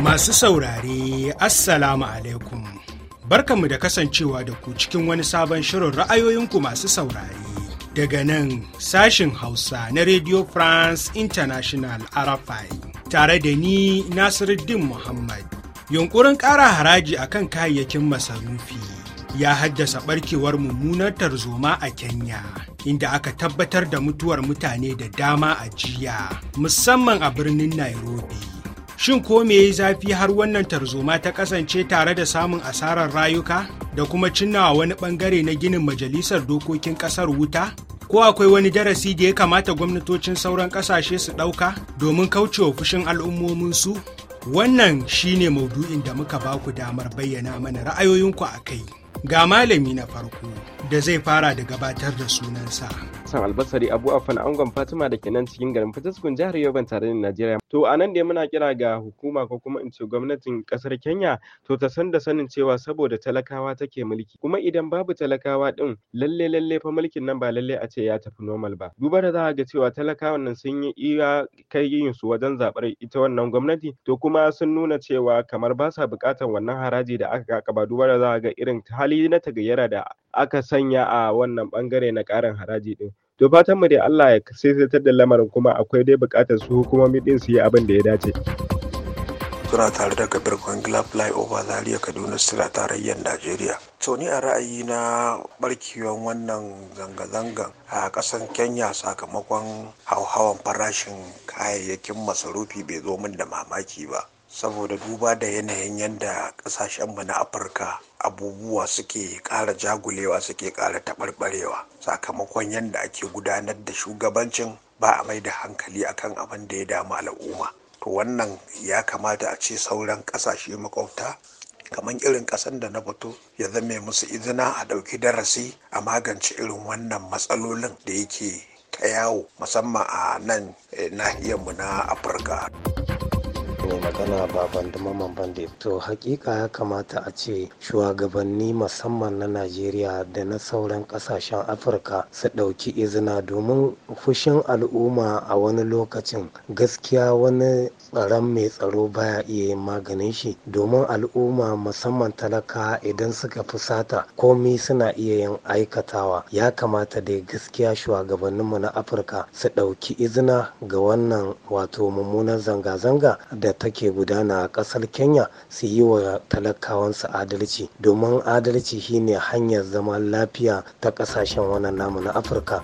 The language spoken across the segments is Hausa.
Masu saurare, Assalamu alaikum. Barkanmu da kasancewa da ku cikin wani sabon shirin ra'ayoyinku masu saurare. Daga nan sashin Hausa na Radio France International arafai tare da ni Nasiruddin Muhammad. Yunkurin ƙara haraji a kan kayayyakin masarufi ya haddasa ɓarkewar mummunar tarzoma a Kenya. inda aka tabbatar da mutuwar mutane da dama a jiya musamman a birnin nairobi shin ko me ya zafi har wannan tarzoma ta kasance tare da samun asarar rayuka da kuma cinnawa wani bangare na ginin majalisar dokokin kasar wuta ko akwai wani darasi da ya kamata gwamnatocin sauran kasashe su ɗauka domin kaucewa fushin al'ummominsu wannan shine maudu'in da muka ba ku damar bayyana mana ra'ayoyinku a kai Ga malami na farko da zai fara da gabatar da sunansa. Hassan Albasari Abu a Angon Fatima da kenan cikin garin Fataskun jihar tare da Najeriya. To a nan dai muna kira ga hukuma ko kuma in ce gwamnatin kasar Kenya to ta san da sanin cewa saboda talakawa take mulki kuma idan babu talakawa din lalle lalle fa mulkin nan ba lalle a ce ya tafi normal ba. Duba da za ga cewa talakawan nan sun yi iya kai yin su wajen zabar ita wannan gwamnati to kuma sun nuna cewa kamar ba sa buƙatar wannan haraji da aka kaba duba da za ga irin hali na tagayyara da aka sanya a wannan bangare na ƙarin haraji din to fatan mu dai Allah ya saisaitar da lamarin kuma akwai dai bukatar su hukumomi din su yi abin da ya dace suna tare da kabir kwangila flyover zaria kaduna sira tarayyar najeriya to ni a ra'ayi na barkewan wannan zanga-zangan a ƙasar kenya sakamakon hauhawan farashin kayayyakin masarufi bai zo min da mamaki ba saboda duba da yanayin yadda kasashenmu na afirka abubuwa suke ƙara jagulewa suke ƙara taɓarɓarewa sakamakon yadda ake gudanar da shugabancin ba a mai da hankali akan abin da ya damu al'umma to wannan ya kamata a ce sauran ƙasashe makwabta kamar irin ƙasan da na fito ya zame musu izina a ɗauki darasi a magance irin wannan matsalolin da yake ta yawo musamman a nan eh, nahiyarmu na afirka. ne magana baban mamban bande to hakika ya kamata a ce shugabanni musamman na najeriya da na sauran kasashen afirka su ɗauki izina domin fushin al'umma a wani lokacin gaskiya wani tsaron mai tsaro baya iya yin maganin shi domin al'umma musamman talaka idan suka fusata komi suna iya yin aikatawa ya kamata dai gaskiya shugabanninmu na afirka su ɗauki izina ga wannan wato mummunan zanga-zanga da take gudana a ƙasar kenya su yi wa talakawansu adalci domin adalci shine hanyar zaman lafiya ta ƙasashen wannan namu na afirka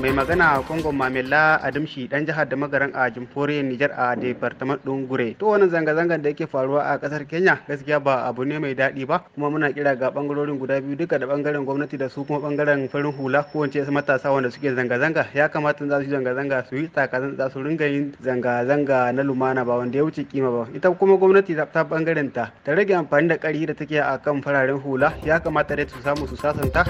mai magana a kongon mamela adamshi dan jihar da magaran a jamhuriyar nijar a departament ɗin gure to wannan zanga zangan da yake faruwa a kasar kenya gaskiya ba abu ne mai daɗi ba kuma muna kira ga bangarorin guda biyu duka da bangaren gwamnati da su kuma bangaren farin hula ko wace matasa wanda suke zanga-zanga ya kamata za su yi zanga-zanga su yi takazan za su ringa yin zanga-zanga na lumana ba wanda ya wuce kima ba ita kuma gwamnati ta bangaren ta ta rage amfani da ƙarfi da take a kan fararen hula ya kamata dai su samu su sasanta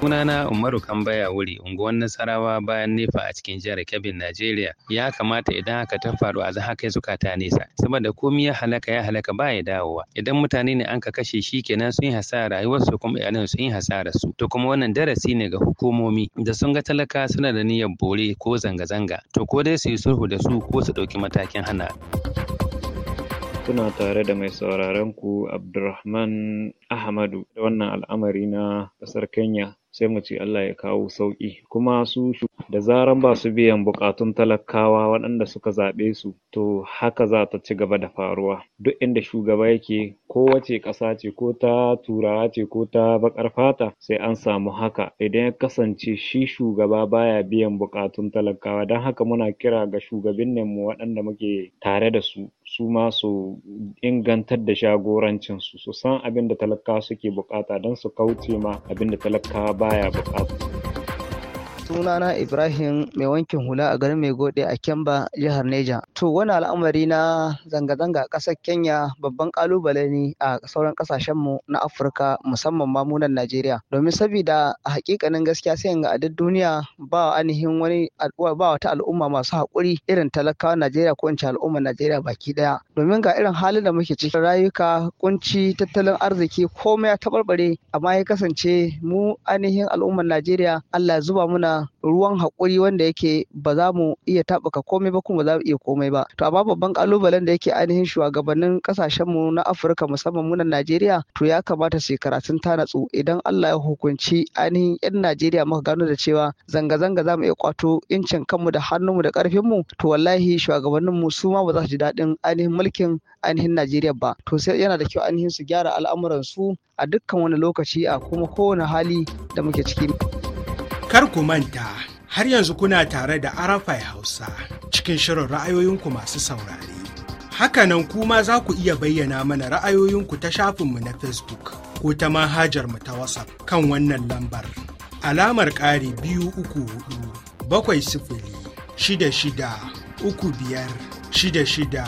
Sunana Umaru Kambaya Wuri, unguwar Nasarawa bayan Nefa a cikin jihar Kebbi, Najeriya. Ya kamata idan haka ta faru a za haka suka ta nesa, saboda komi ya halaka ya halaka ba ya dawowa. Idan mutane ne an ka kashe shi kenan sun yi hasara su kuma iyalan sun yi hasara su. To kuma wannan darasi ne ga hukumomi da sun ga talaka suna da niyyar bore ko zanga-zanga. To ko dai su yi sulhu da su ko su ɗauki matakin hana. kuna tare da mai sauraron ku Abdulrahman Ahmadu da wannan al'amari na ƙasar Kenya sai mu ce Allah ya kawo sauƙi kuma su da zaran ba su biyan buƙatun talakawa waɗanda suka zaɓe su to haka za ta ci gaba da faruwa duk inda shugaba yake ko wace ƙasa ce ko ta turawa ce ko ta baƙar fata sai an samu haka idan ya kasance shi shugaba baya biyan buƙatun talakawa don haka muna kira ga mu waɗanda muke tare da su su ma su ingantar da shagorancinsu su san abin da talakawa suke buƙata don su kauce ma abin da talakawa Bye. sunana ibrahim mai wankin hula a garin mai gode a kemba jihar neja to wani al'amari na zanga-zanga a ƙasar kenya babban kalubale ne a sauran ƙasashenmu na afirka musamman ma munan najeriya domin saboda a hakikanin gaskiya sai ga a duniya ba ainihin wani ba wata al'umma masu haƙuri irin talakawa najeriya ko in al'ummar najeriya baki ɗaya domin ga irin halin da muke ciki rayuka kunci tattalin arziki komai ya taɓarɓare amma ya kasance mu ainihin al'ummar najeriya allah ya zuba muna ruwan haƙuri wanda yake ba za mu iya taɓuka komai ba kuma ba za mu iya komai ba to amma babban kalubalen da yake ainihin shugabannin mu na afirka musamman mu na najeriya to ya kamata su yi karatun tanatsu idan allah ya hukunci ainihin yan najeriya muka gano da cewa zanga-zanga za mu iya kwato incin kanmu da hannunmu da ƙarfinmu to wallahi shugabanninmu su ma ba za su ji daɗin ainihin mulkin ainihin najeriya ba to sai yana da kyau ainihin su gyara al'amuransu a dukkan wani lokaci a kuma kowane hali da muke ciki. Kar ku manta, har yanzu kuna tare da Arafai Hausa cikin shirin ra'ayoyinku masu saurare. Hakanan kuma za ku iya bayyana mana ra'ayoyinku ta shafinmu na Facebook ko ta manhajar mu ta WhatsApp kan wannan lambar. Alamar ƙari biyu uku hudu bakwai sifili shida shida uku biyar shida shida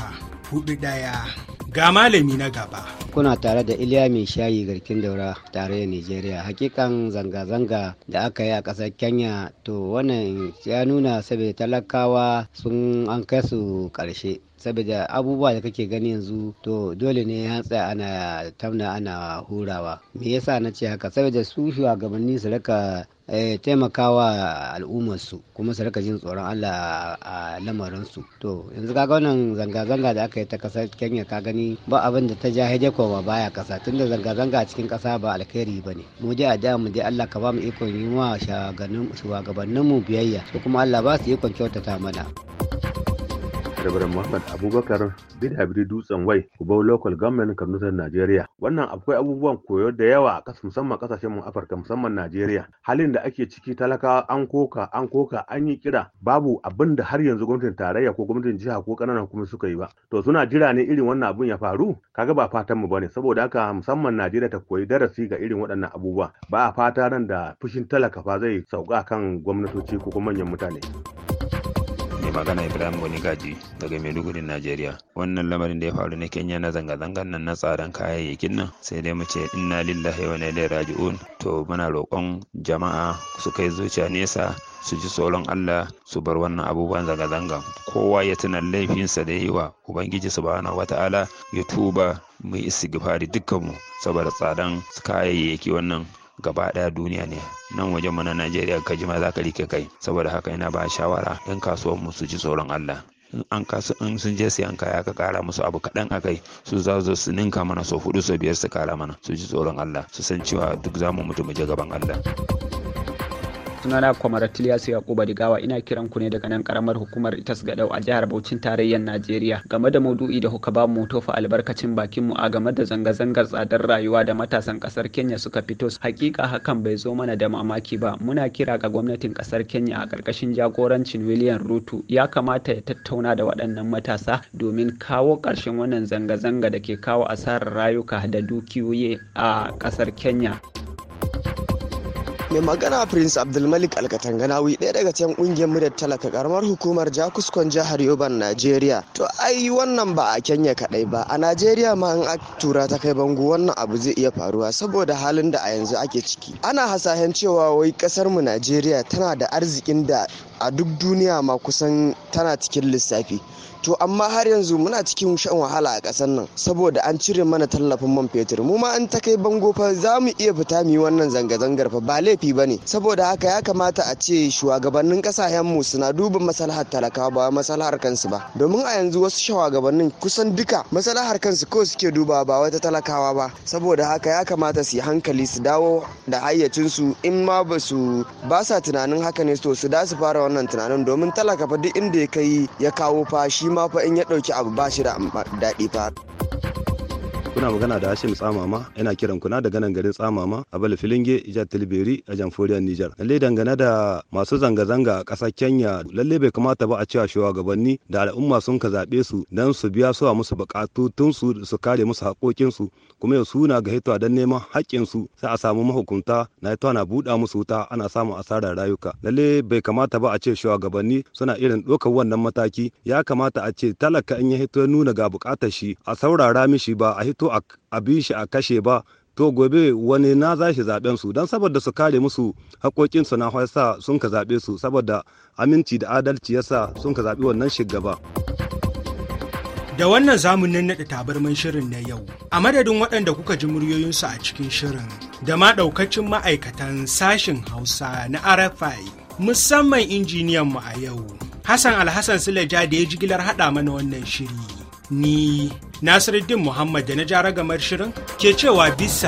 hudu ɗaya. ga malami na gaba. Kuna tare da Iliya mai shayi garkin daura da Nijeriya. Hakikan zanga-zanga da aka yi a ƙasar Kenya to wannan ya nuna saboda talakawa sun an kai su ƙarshe. saboda abubuwa da kake gani yanzu to dole ne ya tsaya ana tamna ana hurawa me yasa na ce haka saboda su shugabanni su raka eh, taimakawa al'ummarsu kuma su rika jin tsoron Allah a lamarinsu to yanzu kaga wannan zanga-zanga da aka yi ta kasar Kenya ka gani ba abin da ta ja haje ba baya kasa tunda zanga-zanga a cikin kasa ba alkhairi ba ne mu je a da mu je Allah ka ba mu ikon yi wa shugabanninmu biyayya ko kuma Allah ba su ikon kyautata mana. Reverend Muhammad Abubakar Bidabiri Dutsen Wai, Kubau Local Government Karnutar Najeriya. Wannan akwai abubuwan koyo da yawa a musamman kasashen mun Afirka musamman Najeriya. Halin da ake ciki talakawa an koka an koka an yi kira babu abin da har yanzu gwamnatin tarayya ko gwamnatin jiha ko ƙananan kuma suka yi ba. To suna jira ne irin wannan abun ya faru? Kaga ba fatan mu bane saboda haka musamman Najeriya ta koyi darasi ga irin waɗannan abubuwa. Ba a fata nan da fushin talaka fa zai sauka kan gwamnatoci ko kuma manyan mutane. magana Ibrahim Gani Gaji daga Maiduguri Najeriya wannan lamarin da ya faru na Kenya na zanga zangar nan na tsadan kayayyakin nan sai dai mu ce inna lillahi wa inna ilaihi raji'un to muna roƙon jama'a su kai zuciya nesa su ji tsoron Allah su bar wannan abubuwan zanga-zanga kowa ya tuna laifinsa da yi wa ubangiji subhanahu wata'ala ya tuba mu istighfari dukkanmu saboda tsadan kayayyaki wannan gaba ɗaya duniya ne nan wajen mana najeriya ka jima za ka rike kai saboda haka yana ba shawara yan kasuwan mu su ji tsoron allah an kasu in sun je siyan kaya ka kara musu abu kaɗan a kai su za su su ninka mana so hudu so biyar su kara mana su ji tsoron allah su san cewa duk zamu mutu mu je gaban allah sunana kwamar tiliyasu yakuba digawa ina kiran ku ne daga nan karamar hukumar itas gadau a jihar bauchin tarayyar najeriya game da maudu'i da kuka ba mu tofa albarkacin bakin mu a game da zanga-zangar tsadar rayuwa da matasan kasar kenya suka fito hakika hakan bai zo mana da mamaki ba muna kira ga gwamnatin kasar kenya a karkashin jagorancin william ruto ya kamata ya tattauna da waɗannan matasa domin kawo ƙarshen wannan zanga-zanga da ke kawo asarar rayuka da dukiyoyi a kasar kenya mai magana prince abdulmalik alkatanganawi ɗaya daga cikin ƙungiyar muryar talaka karamar hukumar jakuskon jihar yoban najeriya to ai wannan ba a kenya kaɗai ba a najeriya ma in a tura ta kai bango wannan abu zai iya faruwa saboda halin da a yanzu ake ciki ana hasashen cewa wai ƙasar mu najeriya tana da arzikin da a duk duniya ma kusan tana cikin lissafi to amma har yanzu muna cikin shan wahala a ƙasar nan saboda an cire mana tallafin man fetur mu ma an ta kai bango fa za mu iya fita mu yi wannan zanga-zangar fa ba laifi ba ne saboda haka ya kamata a ce shugabannin ƙasashen mu suna duba maslahar talakawa ba maslahar kansu ba domin a yanzu wasu shugabannin kusan duka maslahar kansu ko suke duba ba wata talakawa ba saboda haka ya kamata su yi hankali su dawo da hayyacinsu in ma ba su ba sa tunanin haka ne to su da su fara wannan tunanin domin talaka fa duk inda ya kai ya kawo fashi ma fa in ya ɗauki abu ba shi da daɗi fa. kuna magana da Hashim Tsamama yana kiran kuna daga nan garin Tsamama a Bala Filinge Ijar Tilberi a Jamhuriyar Nijar. Lalle dangane da masu zanga-zanga a ƙasar Kenya lalle bai kamata ba a cewa shugabanni da al'umma sun ka zaɓe su dan su biya su a musu tun su su kare musu haƙoƙin su kuma ya suna ga hitowa dan neman haƙƙin su sai a samu mahukunta na hitowa na buɗa musu wuta ana samun asarar rayuka. Lalle bai kamata ba a ce shugabanni suna irin ɗaukar wannan mataki ya kamata a ce talaka in ya hito nuna ga bukatar shi a saurara mishi ba a hito to a bi shi a kashe ba to gobe wani na za shi zaben su don saboda su kare musu haƙoƙin su na sa sun ka zaɓe su saboda aminci da adalci yasa sun ka zaɓi wannan shugaba. Da wannan zamunin naɗa tabarman shirin na yau, a madadin waɗanda kuka ji muryoyinsu a cikin shirin, da ma ɗaukacin ma'aikatan sashin Hausa na RFI, musamman injiniyan mu a yau, Hassan Alhassan Sileja da ya jigilar haɗa mana wannan shiri, ni Nasiruddin Muhammad da na ja gamar shirin ke cewa bis